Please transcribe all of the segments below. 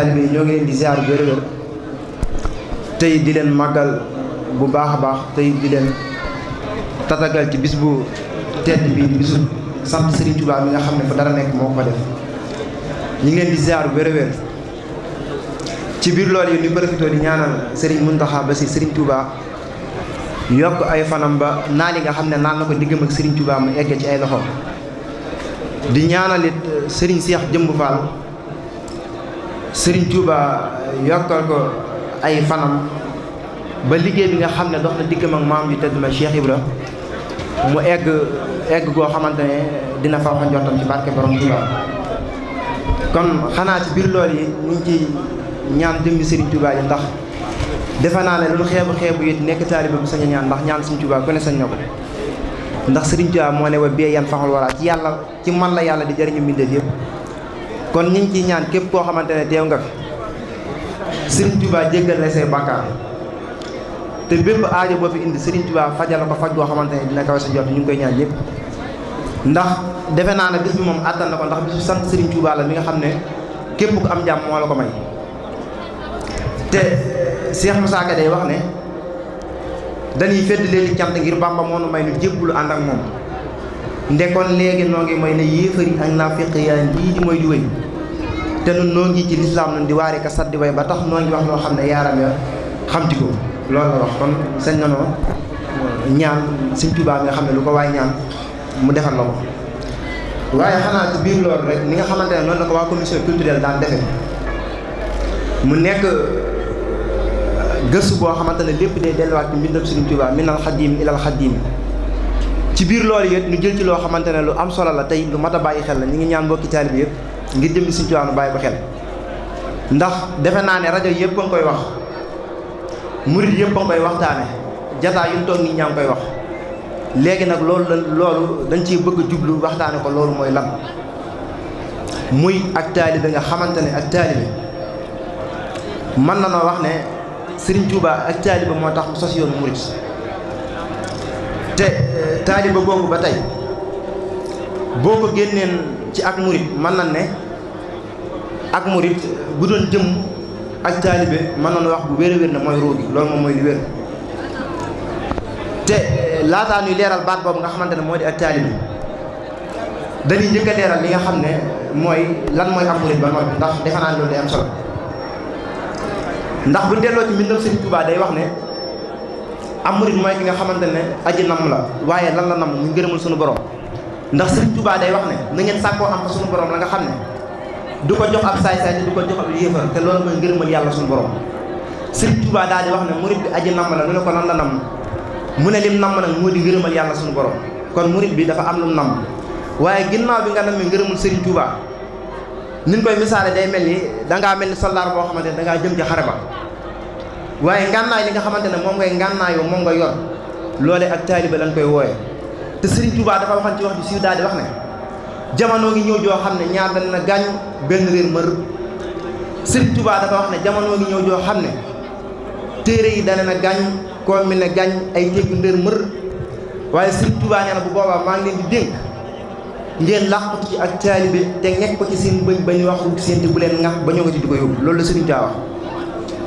taalibe ñoo ngi leen di ziar bu tey di leen màggal bu baax a baax tey di leen tatagal ci bis bu tedd bi bisu sant Serigne Touba mi nga xam ne fa dara nekk moo ko def ñu ngi leen di ziar bu ci biir lool yi ñu profité di ñaanal Serigne Mountakha ba si Serigne Touba yokk ay fanam ba naan yi nga xam ne naan na ko diggam ak Serigne Touba mu egg ci ay loxo di ñaanalit Serigne Cheikh Jëmb Fall. Serigne Touba yokkal ko ay fanam ba liggéey bi nga xam ne dox na diggam ak maam te tedd ma Cheikh Ibra mu egg egg goo xamante ne dina fa wax njottam ci barke borom Touba kon xanaa ci biir loolu yi ñu ngi ciy ñaan jëmmi Serigne Touba yi ndax defe naa ne lu xeebu xeebu it nekk taaliba bu sañ ñaan ndax ñaan Serigne Touba ku ne sañ na ko ndax Serigne Touba moo ne wa bee yan faxul wala ci yàlla ci man la yàlla di jëriñu mbindeef yëpp. kon ñu ngi ciy ñaan képp koo xamante ne teew nga fi Serigne Touba jéggal la say bàkkaar te bépp aajo boo fi indi Serigne Touba fajal ko faj boo xamante ne dina kawe sa jot ñu ngi koy ñaan yëpp ndax defe naa ne bis bi moom àttan na ko ndax bisu sant Serigne Touba la mi nga xam ne képp ku am jàmm moo la ko may te Cheikh Moussa Ka day wax ne dañuy fedd leen di cant ngir Bàmba moo nu may nu jébbulu ànd ak moom. ndekoon léegi noo ngi mooy ne yéefari ak naafiq yaa lii mooy di wéy te nun noo ngi ci lislaam nun di waar ka saddi way ba tax noo ngi wax loo xam ne yaaram ya xamti ko loolu la wax kon sañ nanoo ñaan sëñ Tuubaa nga xam ne lu ko waay ñaan mu defar la ko waaye xanaa ci biir loolu rek ni nga xamante ne noonu la ko waa commission culturelle daan defe mu nekk gëstu boo xamante ne lépp day delluwaat ci mbindam sëñ Tuubaa minal xadiim ilal xadiim ci biir loolu yëpp ñu jël ci loo xamante ne lu am solo la tey lu mat a bàyyi xel na ñu ngi ñaan mbokki taalibe yëpp ngir jëm ci Tiwaawan bàyyi ko xel ndax defe naa ne rajo yëpp a koy wax murit yëpp koy waxtaane jataa yu toog nit ngi koy wax léegi nag loolu loolu dañ ciy bëgg a jublu waxtaane ko loolu mooy lan muy ak taalibe nga xamante ne ak taalibe mën na noo wax ne Serigne Touba ak taalibe moo tax mu sos yoonu murit taaliba googu ba tey boo ko génneen ci ak murit man na ne ak murit bu doon jëm ak taalibe mën nañu wax bu wér a wér na mooy roogi loolu moom mooy lu wér te eh, laataa ñuy leeral baat boobu nga xamante ne moo di ak taalibe dañuy njëkk leeral li nga xam ne mooy lan mooy ak murit ba noppi ndax defe loolu am solo ndax bu delloo ci mbindam Sëriñ Tuubaa day wax ne am murit mooy ki nga xamante ne aji nam la waaye lan la nam mu ngërëmul suñu borom ndax sëñ Tuubaa day wax ne na ngeen am ko suñu borom la nga xam ne du ko jox ab saay-saay te du ko jox ab yéefar te loolu mooy ngërëmal yàlla suñu borom sëñ Tuubaa daal di wax ne murit bi aji nam la nu ne ko lan la nam mu ne lim nam nag moo di ngërëmal yàlla suñu borom kon murit bi dafa am lu nam waaye ginnaaw bi nga namee ngërëmul sëriñ Tuubaa nin koy misaale day mel ni dangaa mel ni soldaar boo xamante ne dangaa jëm ci xare ba waaye ngànnaay li nga xamante ne moom ngay ngànnaayoo moom nga yor loole ak taaliba lañ koy wooye te Serigne Touba dafa waxan ci wax di si daal di wax ne jamono gi ñëw joo xam ne ñaar dana na gaañu benn réer mër Serigne dafa wax ne jamono gi ñëw joo xam ne téere yi dana na gaañu koom mi ne gañ ay téggu ndër waaye Serigne Touba nee bu boobaa maa ngi leen di dénk ngeen ci ak taalibe te ngekk ko ci seen bëñ ba ñu wax seen te bu leen ngax ba ñoo ko ci di ko yóbbu loolu la Serigne Touba wax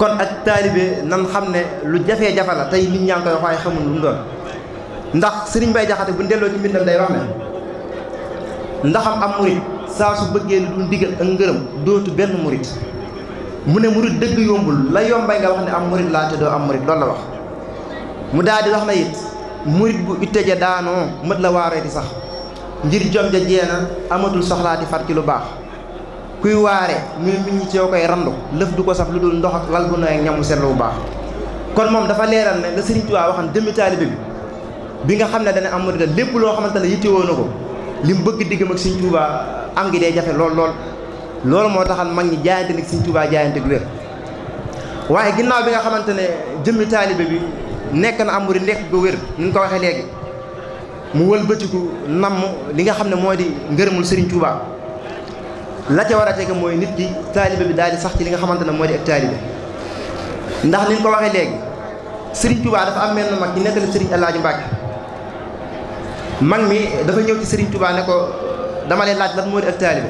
kon ak taalibe nan xam ne lu jafee jafe la tey nit ñaa ngi koy wax xamul lu mu ndax sëriñ Bay Jaxate bu ñu delloo ci mbindam day wax ne ndaxam am murit saa su bëggee lu dul ndigal ak ngërëm dootu benn murit mu ne murit dëgg yombul la yombay nga wax ne am murit laa te doo am murit loolu la wax mu daal di wax na it murit bu itteje daanoo mët la waaree di sax ngir jom ja jeena amatul soxlaati far ci lu baax kuy waare muy nit ñi ci koy randu lëf du ko sax lu dul ndox ak lal bu nooy ak ñamu seetlu bu baax kon moom dafa leeral ne la Sëriñ Tuubaa waxam jëmmi taalibe bi bi nga xam ne dana am murid lépp loo xamante ne yittewoo na ko li mu bëgg diggam ak Sëriñ Tuubaa am ngi dee jafe lool lool loolu moo taxal mag ñi jaayante nag Sëriñ Tuubaa jaayante gu wér waaye ginnaaw bi nga xamante ne jëmmi taalibe bi nekk na am nekk gu wér ni ñu ko waxee léegi mu wëlbatiku namm li nga xam ne moo di ngërëmul Sëriñ Tuubaa la ca war a teg mooy nit ki taalibe bi daal di sax ci li nga xamante ne moo di ak taalibe ndax ni ñu ko waxee léegi Serigne Touba dafa am na mag ci nettali Serigne El Hadj Mbacke mag mi dafa ñëw ci Serigne Touba ne ko dama lay laaj la moo di ak taalibe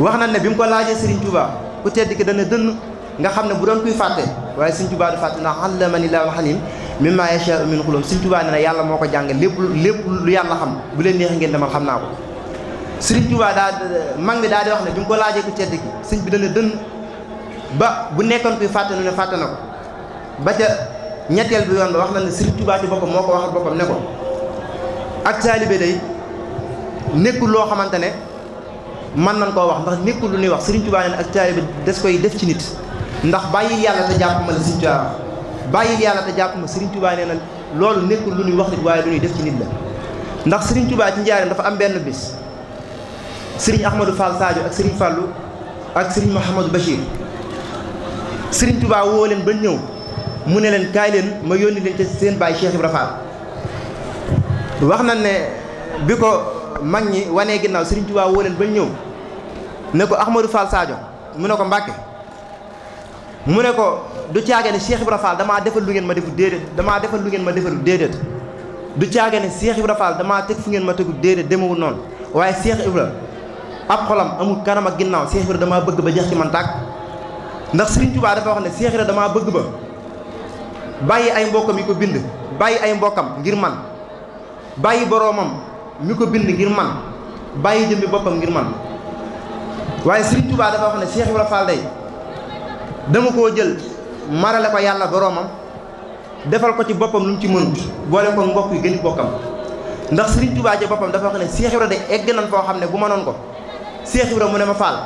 wax na ne bi mu ko laajee Serigne Touba ku tedd ki dana dënn nga xam ne bu doon kuy fàtte waaye Serigne Touba du fàtte ndax allamani laahu alim mimmaa yashaa'u min xulum Serigne Touba ne na yàlla moo ko jàng lépp lépp lu yàlla xam bu leen neexee ngeen demal xam naa ko. Sëriñ Tuubaa daa mag mi daa di wax na bi mu ko laajee ku tedd gi sëñ bi dana dënn ba bu nekkoon kuy fàtte ne fàtte na ko ba ca ñetteel bi yoon ba wax na ne Sëriñ Tuubaa ti boppam moo ko waxal boppam ne ko ak taalibe day nekkul loo xamante ne mën nañ koo wax ndax nekkul lu ñuy wax Sëriñ Tuubaa ne ak taalibe des koy def ci nit ndax bàyyil yàlla te jàpp la Sëriñ Tuubaa wax yàlla te jàpp ma Sëriñ Tuubaa na loolu nekkul lu ñuy wax nit waaye lu ñuy def ci nit la ndax Sëriñ Tuubaa ci njaareem dafa am benn bis sëriñ Ahmadou Fall Sadio ak sëriñ Fallou ak sëriñ Mouhamadou Bachir sëriñ Touba woo leen ba ñëw mu ne leen kaay ma yónni leen ca seen baay Cheikh Ibra Fall wax na ne bi ko mag ñi wanee ginnaaw sëriñ Touba woo leen ba ñëw ne ko Ahmadou Fall Sadio mu ne ko Mbàkke mu ne ko du caage ne Cheikh Ibra Fall damaa defal lu ngeen ma defu déedéet damaa defal lu ngeen ma defalu déedéet du caage ne Cheikh Ibra Fall damaa teg fu ngeen ma tegu déedéet demewul noonu waaye Cheikh Ibra ab xolam amul kanam ak ginnaaw Cheikh Ibra damaa bëgg ba jeex ci man tàkk ndax Serigne Touba dafa wax ne Cheikh Ibra damaa bëgg ba bàyyi ay mbokkam yi ko bind bàyyi ay mbokkam ngir man bàyyi boroomam mi ko bind ngir man bàyyi jëmbi boppam ngir man waaye Serigne Touba dafa wax ne Cheikh Ibra Fall day dama koo jël marale ko yàlla boroomam defal ko ci boppam lu mu ci mënut boole ko mbokk yi gën bokkam ndax Serigne Touba ci boppam dafa wax ne Cheikh Ibra day koo xam ne bu ma ko Seex Ibra mu ne ma Fall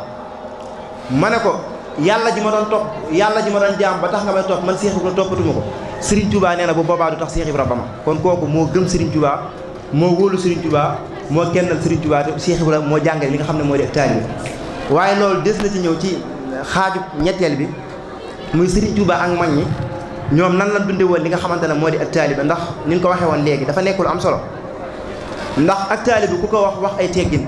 ma ne ko yàlla ji ma doon topp yàlla ji ma doon jaam ba tax nga may topp man Seex Ibra toppatuma ko Serigne Touba nee na bu boobaa du tax Seex Ibra ba ma kon kooku moo gëm Serigne Touba moo wóolu Serigne Touba moo kennal Serigne Touba te Seex Ibra moo jàngale li nga xam ne moo di taalibe waaye loolu des na ci ñëw ci xaaju ñetteel bi muy Serigne Touba ak mag ñi ñoom nan la dunde woon li nga xamante ne moo di ak taalibe ndax ni ñu ko waxee woon léegi dafa nekk am solo ndax ak taalibe ku ko wax wax ay teggin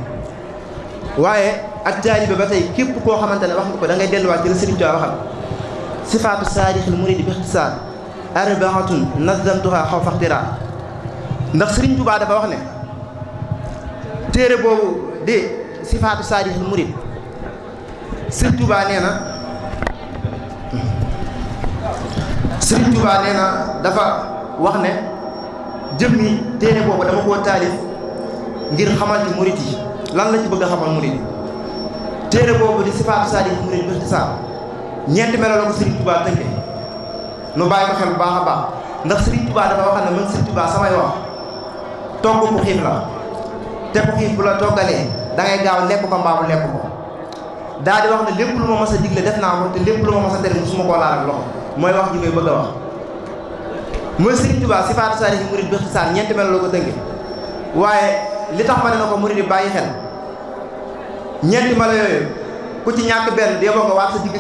waaye ak taalibe ba tey képp koo xamante ne wax nga ko da ngay delluwaat ci la Sëriñ Tuubaa waxal sifaatu saadixil muridi bi ixtisaar arbaatun nazamtuha xaw faxtira ndax Sëriñ Tuubaa dafa wax ne téere boobu di sifaatu saadixil murid Sëriñ Tuubaa nee na Sëriñ Tuubaa nee na dafa wax ne jëmmi téere boobu dama koo taalif ngir xamal ci murid lan la ci bëgg a xamal murid téere boobu di sifaatu saadiq murid bi ixtisaam ñeenti melo la ko Serigne Touba tënke nu bàyyi ko xel bu baax a baax ndax Serigne Touba dafa wax ne man Serigne samay wax togg ku xiif la te ku xiif bu la toggalee da ngay gaaw lekk ko mbaamu lekk ko daa di wax ne lépp lu ma mas a digle def naa ko te lépp lu ma mas a tere musuma koo laal ak loxo mooy wax ji may wax mooy Serigne Touba sifaatu saadiq murid bi ixtisaam ñeenti melo ko tënke waaye li tax ma ne na ko murid ñetti mala yooyu ku ci benn dee boo nga waat sa digg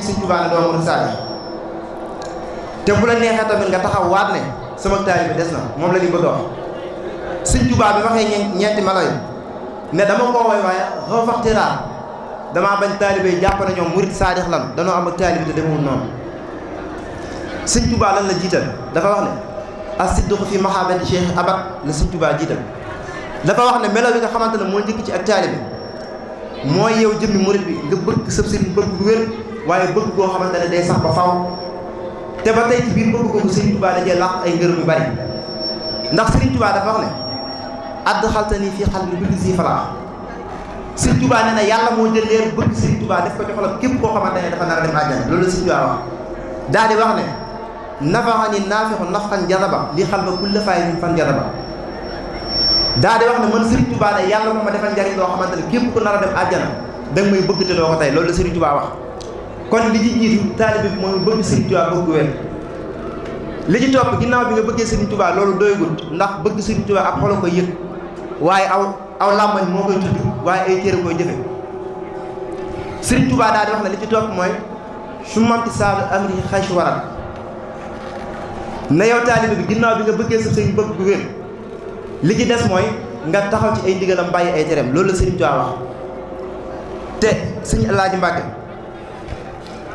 Sëñ Tuubaa ne doo mën a te bu la neexee tamit nga taxaw waat ne sama taalibe des na moom la di ba a wax Sëñ Tuubaa bi waxee ñeenti mala yi ne dama koo woy waaye xaw faxtiraar damaa bañ taalibe yi jàpp na ñoom murit saadix lan danoo am ak taalibe te demewul noonu Sëñ lan la jiital dafa wax ne as-siddiq fi mahabbati cheikh abad la Sëñ Tuubaa dafa wax ne melo bi nga xamante ne moo njëkk ci ak taalibe bi mooy yow jëmmi murit bi nga bëgg sëb sëriñ bëgg gu wér waaye bëgg koo xamante ne day sax ba faw te ba tey ci biir bëgg Sëriñ Tuubaa ay ngërëm yu bari ndax Sëriñ Tuubaa dafa wax ne add xalta nii fii xal bi bëgg si falaax Sëriñ Tuubaa na yàlla moo jël leer bëgg Sëriñ Tuubaa def ko ci képp koo xamante ne dafa nar a dem àjjana loolu la Sëriñ Tuubaa wax daal di wax ne nafaxa ni naafixu nafxan jadaba li xal ba kulla faay min fan jadaba daa de wax ne man Serigne Touba ne yàlla moo ma defal jariñ loo xamante ne képp ku nar a dem àjjana da nga may bëgg te doo ko tey loolu la Serigne Touba wax kon li ci jiitu taalibe bi mooy bëgg Serigne Touba bëgg wér li ci topp ginnaaw bi nga bëggee Serigne Touba loolu doyagul ndax bëgg Serigne Touba ab xolo ko yëg waaye aw aw làmbañ moo koy tudd waaye ay cër koy jëfe Serigne Touba daa di wax ne li ci topp mooy su manti saalu xay su na yow taalibe bi bi nga bëggee sa sëriñ bëgg li ci des mooy nga taxaw ci ay ndigalam bàyyi ay tereem loolu la sëriñ Tuubaa wax te sëñ Alaaji Mbàkke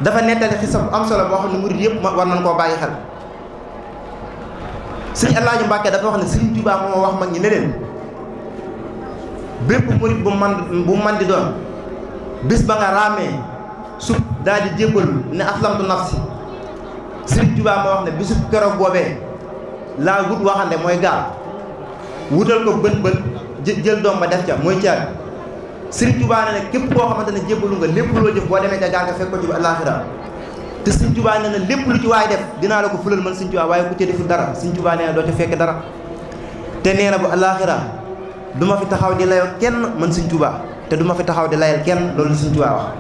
dafa nettali xisa bu am solo boo xam ne murid yëpp war nañ koo bàyyi xel sëñ Alaaji Mbàkke dafa wax ne sëriñ Tuubaa moo wax mag ñi ne bépp murid bu man bu man di doon bis ba nga raamee sub daal di jébbalu ne aslamtu nafsi sëriñ Tuubaa moo wax ne bisub keroog boobee laa wut waxande mooy gaal wutal ko bën bët jël doom ba def ca mooy caabi Sëriñ Tuubaa ne na képp koo xamante ne jébbalu nga lépp loo jëf boo demee ca jàng fekk ko ci àllaaxira te Sëriñ Tuubaa ne ne lépp ci waay def dinaa la ko fulal man Sëriñ Tuubaa waaye ku ca deful dara Sëriñ Tuubaa na doo ca fekk dara te nee na bu àllaaxira du ma fi taxaw di layal kenn man Sëriñ Tuubaa te duma fi taxaw di layal kenn loolu Sëriñ Tuubaa wax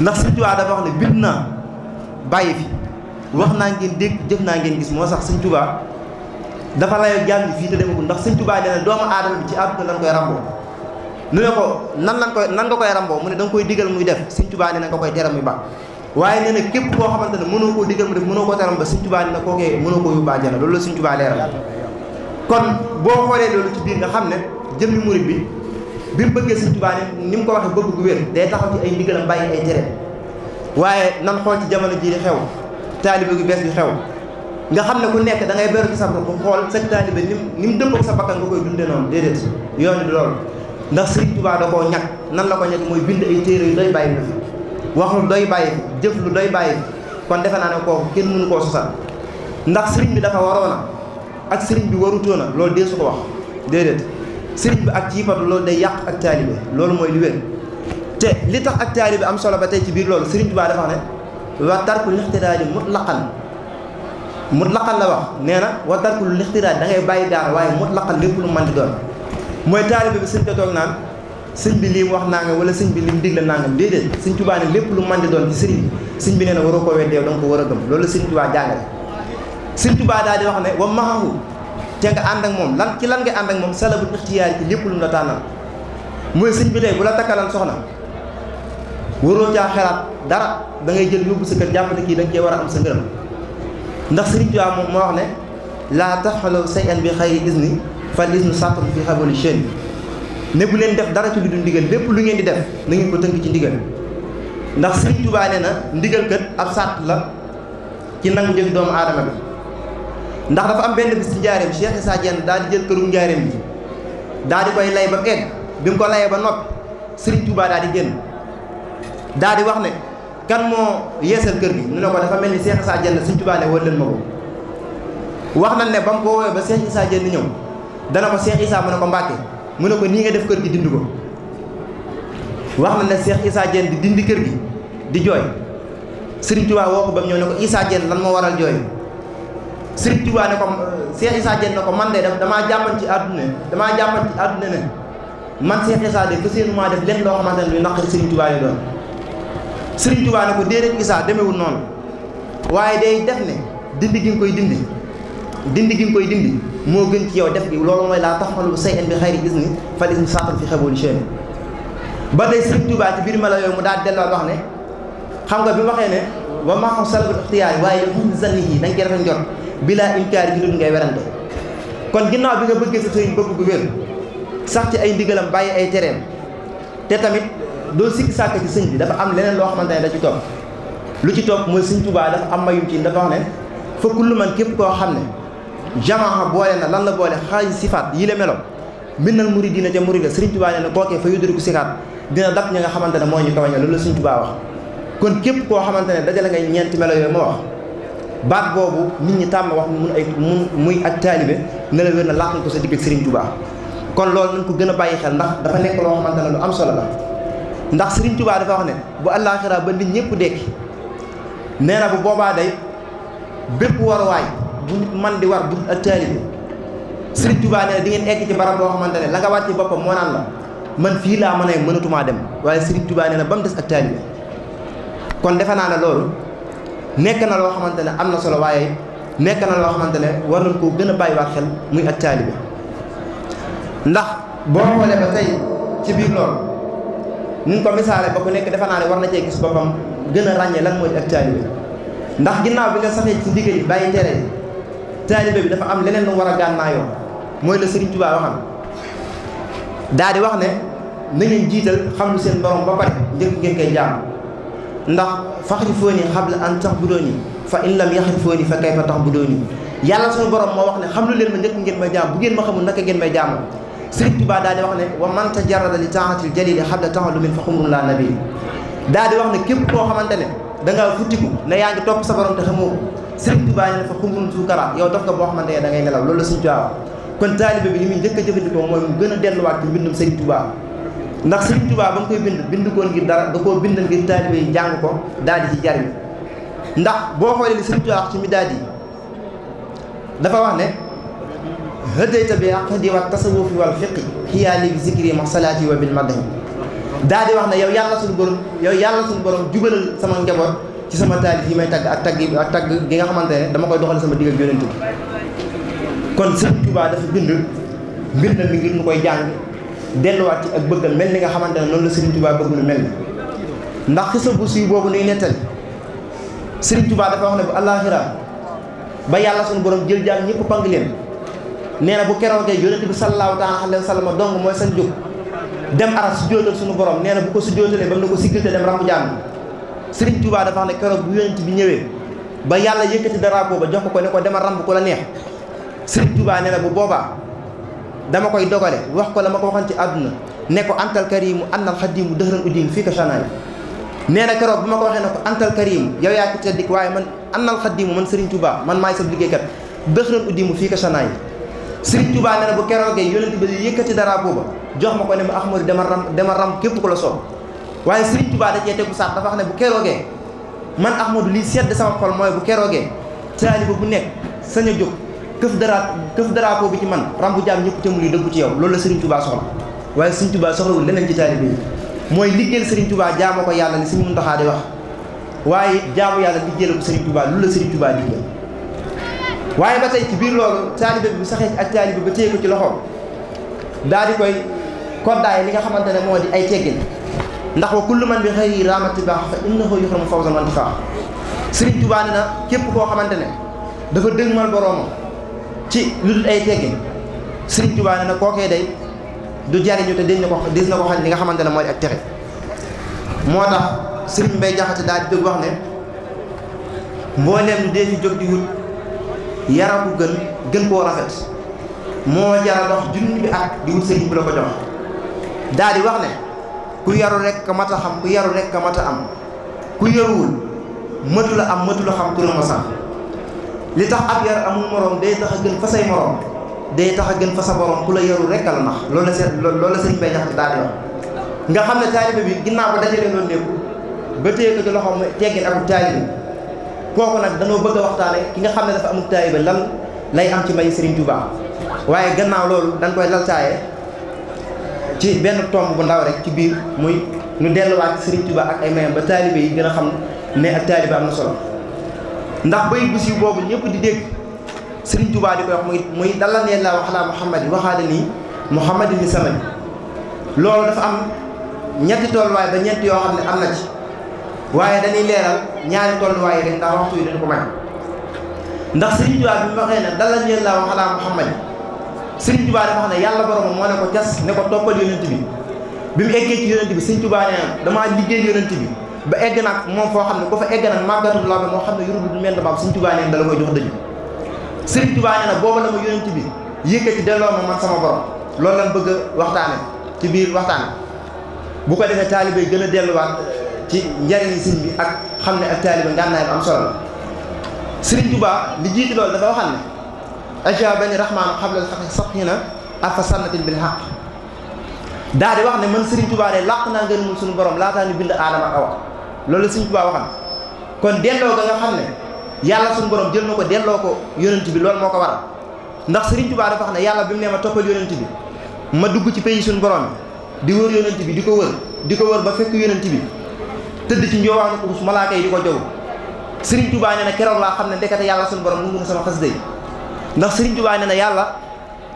ndax Sëriñ Tuubaa dafa wax ne bind naa bàyyi fi wax naa ngeen dégg jëf naa ngeen gis moo sax Sëriñ dafa layo jàng fii te demagul ndax sëñ Tuubaa nee na doomu bi ci àdduna lan koy ramboo nu ne ko nan lan koy nan nga koy ramboo mu ne da nga koy digal muy def sëñ Tuubaa na nga koy teram muy baax waaye nee na képp koo xamante ne mënoo koo digal mu def mënoo ko teram ba sëñ Tuubaa nee na kookee mënoo koo yóbbaa jana loolu la sëñ Tuubaa leeral kon boo xoolee ci biir nga xam ne jëmmi murit bi bi mu bëggee sëñ Tuubaa ni mu ko waxee bëgg gu wér day taxaw ci ay ndigalam bàyyi ay tere waaye nan xool ci jamono jii di xew taalibe gu bees bi xew nga xam ne ku nekk dangay ngay beru ci sa bopp xool sa taalibe ni mu ni mu dëppoo sa bakkan nga koy dundee noonu déedéet yoonu loolu ndax Sëriñ Tuubaa da koo ñàkk nan la ko ñàkk mooy bind ay téere yu doy bàyyi fi wax lu doy bàyyi jëf lu doy bàyyi kon defe naa ne kooku kenn mënu koo sosal ndax sëriñ bi dafa waroona ak sëriñ bi warutoona loolu dee su ko wax déedéet sëriñ bi ak ciipatu loolu day yàq ak taalibe loolu mooy li we te li tax ak taalibe am solo ba tey ci biir loolu Sëriñ Tuubaa dafa wax ne wa tarku lixtidaali mutlaqan mutlaqan la wax nee na wa tarkul lixtiraat da ngay bàyyi daara waaye mutlaqan lépp lu mën di doon mooy taalibe bi sëñ toog naan sëñ bi lii mu wax nangam wala sëñ bi li mu digle nangam déedéet sëñ Tuubaa ne lépp lu mën di doon ci sëriñ bi sëñ bi nee na waroo ko weddeew da nga ko war a gëm loolu sëñ Tuubaa jàngale sëñ Tuubaa daal di wax ne wa maxahu te nga ànd ak moom lan ci lan nga ànd ak moom salabu ixtiyaar ci lépp lu mu la tànnal mooy sëñ bi tey bu la takkalan soxna waroo caa xelaat dara da ngay jël yóbbu sa kër jàppate kii da nga war a am sa ndax Sëriñ Tuubaa moom moo wax ne laa tax taxalaw sayan bi ni isni fal isnu sàttan fi xabali chen ne bu leen def dara ci lu dul ndigal lépp lu ngeen di def na ko tënk ci ndigal ndax Sëriñ Tuubaa nee na ndigal kat ab sàtt la ci nangu jëfi doomu aadama bi ndax dafa am benn bis ci njaareem Cheikh Issa Dieng daal di jël kërum njaareem ji daal di koy lay ba egg bi mu ko layee ba noppi Sëriñ Tuubaa daal di génn daal di wax ne kan moo yeesal kër gi ñu ne ko dafa mel ni Cheikh Issa Diène Sëriñ Tuubaa leen ma ko wax na ne ba mu ko ba Cheikh Issa Diène ñëw dana ko Cheikh Issa mu ne ko Mbàkke mu ne ko nii nga def kër gi dindi ko wax na ne Cheikh Issa Diène di dindi kër gi di jooy Sëriñ Tuubaa woo ko ba mu ñëw ne ko Issa Diène lan moo waral jooy Sëriñ Tuubaa ne ko Cheikh Issa Diène ne ko man de damaa jàmman ci àdduna damaa jàmman ci àdduna ne man Cheikh Issa de ko seen maa def lenn loo xamante ne lu naqari Sëriñ Tuubaa yi doon Sëriñ Tuubaa ne ko déedéet Isaa demewul noonu waaye day def ne dindi gi nga koy dindi dindi gi koy dindi moo gën ci yow def gi loolu mooy laa taxmalu shay'an bi xayri izni fal ismu saatal fi xebolu cheni ba tey Sëriñ Tuubaa ci biir mala yooyu mu daal delluwaat wax ne xam nga bi waxee ne wa maa salbul ixtiyaar waaye xum zanni yi dañ koy rafet njort bilaa inkaar gi dul ngay werante kon ginnaaw bi nga bëggee sa sëriñ bëgg gu wér sax ci ay ndigalam bàyyi ay tereem te doo sikki sàkk ci sëñ bi dafa am leneen loo xamante ne da ci topp lu ci topp mooy sëñ Tuubaa dafa am mayum ci dafa wax ne fa kullu man képp koo xam ne jamaa boole na lan la boole xaalis sifaat yi la melo mbindal muridina ca murida sëriñ Tuubaa ne ne kookee fa yudriku sikaat dina dab ñi nga xamante ne moo ñu kawañe loolu la sëñ Tuubaa wax kon képp koo xamante ne dajale ngay ñeenti melo yooyu ma wax baat boobu nit ñi tàmm wax mun ay mun muy ak taalibe ne la wér na làq ko sa digg ak Sëriñ kon loolu nañ ko gën a bàyyi xel ndax dafa nekk loo xamante ne lu am solo la ndax Serigne Touba dafa wax ne bu àllaaxira ba nit ñëpp dekki nee bu boobaa day bépp waruwaay bu nit man di war bu nit ak taalibe Serigne Touba di ngeen egg ci barab boo xamante ne la nga wàcc boppam moo naan la man fii laa mën a mënatumaa dem waaye Serigne Touba nee na des ak taalibe kon defe naa ne loolu nekk na loo xamante ne am na solo waaye nekk na loo xamante ne war nañ koo gën a bàyyiwaat xel muy ak taalibe ndax boo xoolee ba tey ci biir loolu. ñu ko misaale ba ku nekk defe ne war na cee gis boppam gën ràññee lan mooy ak taalibe ndax ginnaaw bi nga saxee ci ndigal yi bàyyi tere taalibe bi dafa am leneen lu war a gànnaayoo mooy la Sëriñ Tuubaa waxam daa di wax ne na ngeen jiital xam lu seen borom ba pare njëkk ngeen koy jaam ndax faxrifooni xabla an taxbudooni fa in lam yaxrifooni fa kayfa taxbudooni yàlla suñu borom moo wax ne xam lu leen ma njëkk ngeen ma jaam ngeen ma xamul naka ngeen may jaamoo Sëriñ Tuubaa daal wax ne wa man tajarrada li taatil jalili xabla tahallumin fa xumrun laa nabi daal di wax ne képp koo xamante ne danga ngaa futtiku na yaa ngi topp sa borom te xamoo Sëriñ Tuubaa ne fa xumrun suukara yow dof nga boo xamante ne dangay ngay nelaw loolu la Sëriñ kon taalibe bi li muy njëkk a jëfandikoo mooy mu gën a delluwaat ci mbindum Sëriñ Tuubaa ndax Sëriñ Tuubaa ba nga koy bind bind koon ngir dara da koo bindal ngir taalibe yi jàng ko daal di ci jariñ ndax boo xoolee li Sëriñ Tuubaa wax ci midaad yi dafa wax ne hëddayta bi aqdi wa tasawufi wal fiqi xiyaali bi zikri ma salaati wa bil madahi daa di wax ne yow yàlla suñu borom yow yàlla suñu borom jubalal sama njaboot ci sama taalif yi may tagg ak tagg ak tagg gi nga xamante ne dama koy doxal sama digg ak yonent bi kon Sëriñ Tuubaa dafa bind mbir na mi ngir ñu koy jàng delluwaat ci ak bëggal mel ni nga xamante ne noonu la Sëriñ Tuubaa bëgg lu mel ni ndax xisa bu suy boobu nuy nettali Sëriñ Tuubaa dafa wax ne bu àllaaxira ba yàlla suñu borom jël jaam ñëpp pang leen nee na bu keroogee yonent bi sallallahu taala alayhi wa sallam dong mooy seen jóg dem arab su jóotal suñu borom nee na bu ko su jóotalee ba mu ne ko sécurité dem ramu jàmm Sëriñ Tuubaa dafa ne keroog bu yonent bi ñëwee ba yàlla yëkkati drapeau ba jox ko ko ne ko dema ramb ko la neex Sëriñ Tuubaa nee bu boobaa dama koy dogale wax ko la ma ko waxoon ci àdduna ne ko antal karimu annal xadimu dëxran uddiin fii ko sanaay nee na keroog bu ma ko waxee ne ko antal karimu yow yaa ko waaye man annal xadimu man Sëriñ Tuubaa man maay sab liggéeykat dëxran uddimu fii ko Sëriñ Tuubaa nee na bu keroogee yonent bi di yëkkati drapeau ba jox ma ko ne ma Ahmadu dama ram képp ku la soob waaye Sëriñ tubaa da cee tegu dafa wax ne bu keroogee man Ahmadu liy sedd sama xol mooy bu keroogee taaliba bu nekk sañ a jóg këf dara këf drapeau bi ci man ram bu jaam ñëpp te mu li dëggu ci yow loolu la Sëriñ Tuubaa soxla waaye Sëriñ Tuubaa soxlawul leneen ci taaliba yi mooy liggéeyal Sëriñ Tuubaa jaamoo ko yàlla ni Sëriñ Muntaxaa di wax waaye jaamu yàlla liggéeyal ko Sëriñ Tuubaa loolu la Sëriñ Tuubaa digal waaye ba tey ci biir loolu taalibe bi bu saxee ci ak taalibe ba téye ko ci loxoom daal di koy koddaay li nga xamante ne moo di ay teggin ndax wa kullu man bi xëyri raamati baax fa innahu yuxramu na képp koo xamante ne dafa dëgmal boroomam ci lu dul ay teggin Sëriñ Tuubaa nee na kookee day du jariñu te dina ko dis ko xam li nga xamante ne moo di ak texe moo tax Sëriñ Mbay Jaxate daal di jóg wax ne mbooleem dee fi jóg di wut yaraku gën gën koo rafet moo jara dox junni bi ak di wut sëriñ bi la ko jox daal di wax ne ku yaru rek ka mat a xam ku yaru rek ka mat a am ku yaruwul mëtu la am mëtu la xam ku ma sax li tax ab yar amul moroom day tax a gën fa say moroom day tax a gën fa sa borom ku la yarul rek a la nax loolu la seet loolu la sëriñ bay ñax daal nga xam ne taalibe bi ginnaaw ko dajale loolu lépp ba téye ko ci loxoom teggin ak taalibe kooku nag danoo bëgg a waxtaane ki nga xam ne dafa amul taalibe lan lay am ci mbay Serigne Touba waaye gannaaw loolu dañ koy laltaaye ci benn tomb bu ndaw rek ci biir muy ñu delluwaat ci Serigne ak ay mayam ba taalibe yi gën a xam ne ak taalibe am na solo ndax bay bu siiw boobu ñëpp di dégg Serigne Touba di koy muy muy dalla nee la wax laa Muhammad yi waxaale nii Muhammad ni samani loolu dafa am ñetti tolluwaay ba ñetti yoo xam ne am na ci waaye dañuy leeral ñaari tolluwaay yi rek ndax ko may ndax Sëriñ Tuubaa bi mu waxee ne dalal ñeen laa wax alaa Muhammad Sëriñ Tuubaa ne yàlla borom moo ne ko jas ne ko toppal yonent bi bi mu eggee ci yonent bi Sëriñ Tuubaa nee damaa liggéey yonent bi ba egg nag moom foo xam ne ku fa egg nag màggatul laa ba moo xam ne yurub du mel baam Sëriñ Tuubaa nee dala jox dëju Sëriñ Tuubaa nee na booba la ma yonent bi yëkkati delloo ma man sama loolu lañ bëgg a waxtaane ci biir waxtaane bu ko defee taalibe gën a delluwaat ci njariñi sëñ bi ak xam ne ak taaliba ngànnaay bu am solo la sëriñ Tuubaa li jiitu lool dafa waxal ne ajaabani rahmaan xablal saxi na afa sannatin bil xaq daa di wax ne man sëriñ Tuubaa de làq naa ngeen mun suñu borom laataa ñu bind aadama ak awa loolu sëriñ Tuubaa waxal kon delloo ga nga xam ne yàlla suñu borom jël na ko delloo ko yonent bi lool moo ko waral ndax sëriñ Tuubaa dafa wax ne yàlla bi mu ne ma toppal yonent bi ma dugg ci pays suñu borom bi di wër yonent bi di ko wër di ko wër ba fekk yonent bi tëdd ci njoowaanu urus malaaka yi di ko jow Sëriñ Tuubaa nee na keroog laa xam ne ndekete yàlla suñu borom nangu na sama xasida yi ndax Sëriñ Tuubaa nee na yàlla